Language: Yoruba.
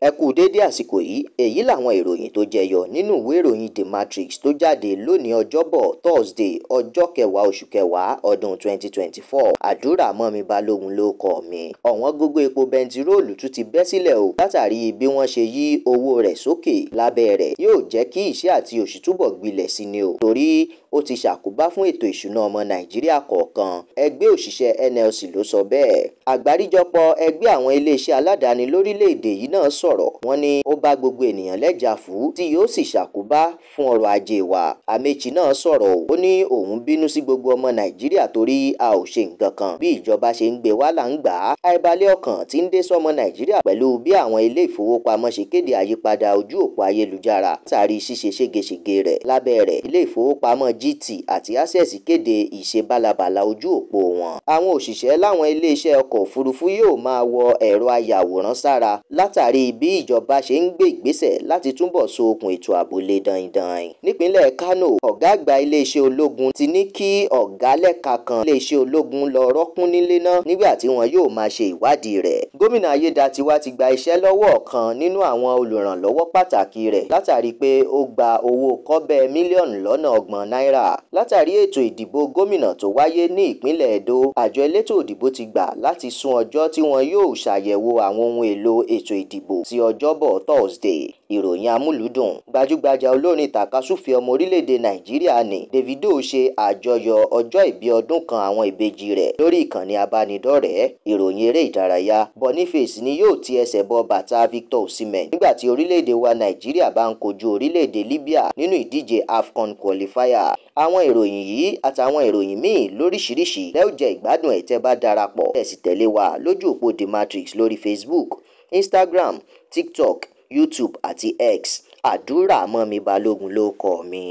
ẹ kú déédé àsìkò yìí èyí làwọn ìròyìn tó jẹyọ nínú ìwé ìròyìn The Matrix tó jáde lónìí ọjọ́bọ̀ Thursday ọjọ́ kẹwàá oṣù kẹwàá ọdún 2024 àdúrà mọ́mi balógun ló kọ́ mi ọ̀wọ́n gógó epo bẹntiróòlù tún ti bẹ́ sílẹ̀ o látàrí bí wọ́n ṣe yí owó rẹ̀ sókè lábẹ́ rẹ̀ yóò jẹ́ kí iṣẹ́ àti òṣì túbọ̀ gbilẹ̀ sí ni o torí ó ti ṣàkóbá fún ètò ìṣúná ọmọ Nàìjíríà kọ̀ọ̀kan ẹgbẹ́ òṣìṣẹ́ NLC ló sọ bẹ́ẹ̀ àgbáríjọpọ̀ ẹgbẹ́ àwọn iléeṣẹ́ aládàáni lórílẹ̀‐èdè yìí náà sọ sọ̀rọ̀ wọ́n ní ó bá gbogbo ènìyàn lẹ́jàfú tí yóò sì ṣàkóbá fún ọrọ̀ ajé wa Amaechi náà sọ̀rọ̀ ó ní òun bínú sí gbogbo ọmọ Nàìjíríà torí a ò ṣe nǹkan kan bí ìjọba ṣe ń gbé wá là ń gbà á àìbalẹ̀ ọkàn ti ń dé sọmọ Nàìjíríà pẹ̀lú bí àwọn ilé ìfowópamọ́ ṣe kéde àyípadà ojú òpó ayélujára tàrí ṣíṣe ségesège rẹ̀ lábẹ́ rẹ̀ ilé ìfowópamọ́ GT àti Access kéde ìṣe bálabàla ojú òpó wọn àwọn òṣìṣẹ́ láwọn ilé iṣẹ́ ọkọ̀ òfurufú yóò máa wọ ẹ̀rọ ayàwòrán sára látàrí bí ìjọba ṣe ń gbé ìgbésẹ̀ láti túbọ̀ so okùn ètò ààbò dandan. nípínlẹ̀ Kano ọ̀gá àgbà iléeṣẹ́ ológun ti ní kí ọ̀gá lẹ́ka kan iléeṣẹ́ ológun lọ rọ́kún nílé náà nígbà tí wọn yóò máa ṣe ìwádìí rẹ̀. gómìnà Ayédatiwa ti gba iṣẹ́ lọ́wọ́ ọ̀kan nínú àwọn olùrànlọ́wọ́ pàtàkì rẹ̀ látàrí pé ó gba owó kọ́bẹ̀ mílíọ̀nù lọ́nà ọgbọ̀n náírà látàrí ètò ìdìbò gómìnà tó wáyé ní ìpínlẹ̀ Edo àjọ elétò ìdìbò ti gbà láti sún ọjọ́ tí wọn yóò ṣàyẹ̀wò àwọn ohun èlò ètò ìdìbò ti ọjọ́bọ̀ Thursday ìròyìn amúlùúdùn gbajúgbajà olórin ìtàkasúfè ọmọ orílẹ̀-èdè nàìjíríà ni Davido ṣe àjọyọ̀ ọjọ́ ìbí ọdún kan àwọn ìbejì rẹ̀ lórí ìkànnì abánidọ́rẹ̀ẹ́ ìròyìn eré ìdárayá Boniface ni yóò ti ẹsẹ̀ bọ bàtà Victor Osimhen nígbà tí orílẹ̀-èdè wa nàìjíríà bá ń kojú orílẹ̀-èdè Libya nínú ìdíje AFCON qualifier àwọn ìròyìn yìí àtàwọn ìròyìn míì lóríṣiríṣi lẹ́ọ̀jẹ̀ ìgbádùn ẹ̀ tẹ́ bá darapọ̀ ẹ wa lójú òpó The Matrix lórí Facebook instagram tiktok youtube àti x àdúrà mọ́mi balógun ló kọ mi.